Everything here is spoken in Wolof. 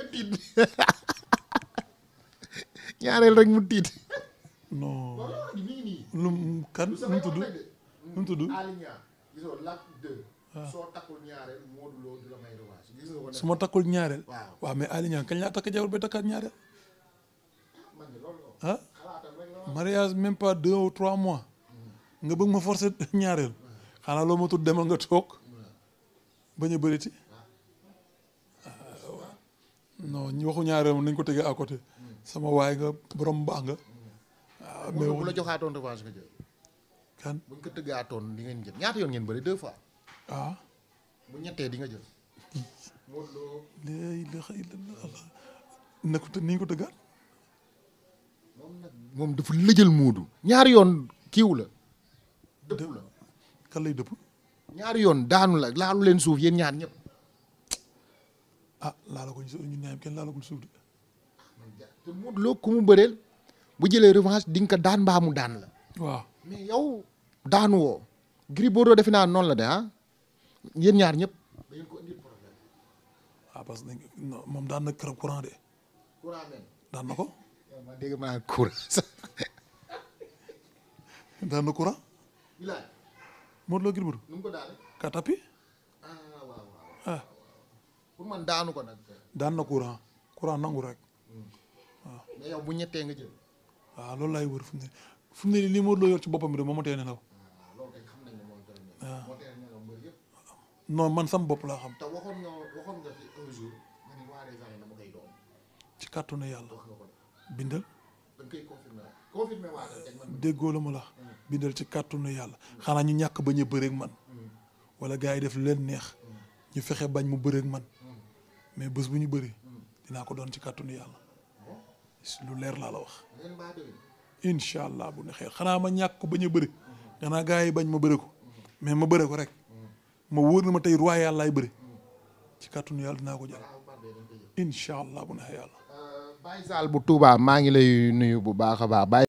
nga ñaareel rek mu tiit. non lum kan nu mu tudd nu ah. su ma takkul ñaareel. waaw mais Aliou Niang kañ laa takk jabar ba takkaat ñaareel. ah, ah? mariage même pas deux ou trois mois. Mm. nga bëgg ma forcer ñaareel. xanaa loo ma tudd demal nga toog bañ a bëri ñu waxu ñaareel nañ ko tegee à côté sama waay nga borom baax nga. waaw mais bu la joxaatoon revanche nga jël. kan ko tëggaatoon di ngeen jël ñaata yoon ngeen bëri deux fois. ah. bu ñettee di nga jël. Modou ko ni ñu ko tëggaat. moom dafa lëjal Moodu. ñaari yoon kiiw la. dëpp la kan lay dëpp. ñaar yoon daanu la laalu leen suuf yéen ñaar ñëpp. ah laalaguñ suuf ñun ñaar kenn de. te Modou Lo ku mu bëreel bu jëlee revanche di daan mbaa mu daan la. waaw mais yow daanu woo. Gris defe naa noonu la de ah ñaar ñëpp. dañu ko indi ah, daan na keroog courant de. courant de ko. ma dégg maa man daanu ko nag. daan na courant courant nangu rek waaw. bu ñettee nga ah, loolu lay wër fu mu ne fu mu ne nii li Modou yor ci boppam bi de moo ma tee nelaw. waaw ah, ah. non man sama bopp laa xam. te waxoon nga ci kàttanu yàlla. bindal. da la ma la. Mm. bindal ci kàttanu yàlla. xanaa ñu ñàkk bañ a bëreeg man. Mm. wala gars yi def leen neex. Mm. ñu fexe bañ mu bëreek man. mais bés bu ñu bëri dinaa ko doon ci kàttanu yàlla lu leer laa la wax. incha allah bu neexee xanaa ma ñàkk ko bañ a bëri xanaa gars yi bañ ma bëri ko mais ma bëri ko rek ma wóor na ma tey roi yàlla laay bëri ci kàttanu yàlla dinaa ko jël incha allah bu neexee yàlla. Baye Sall bu Touba maa ngi lay nuyu bu baax a baax.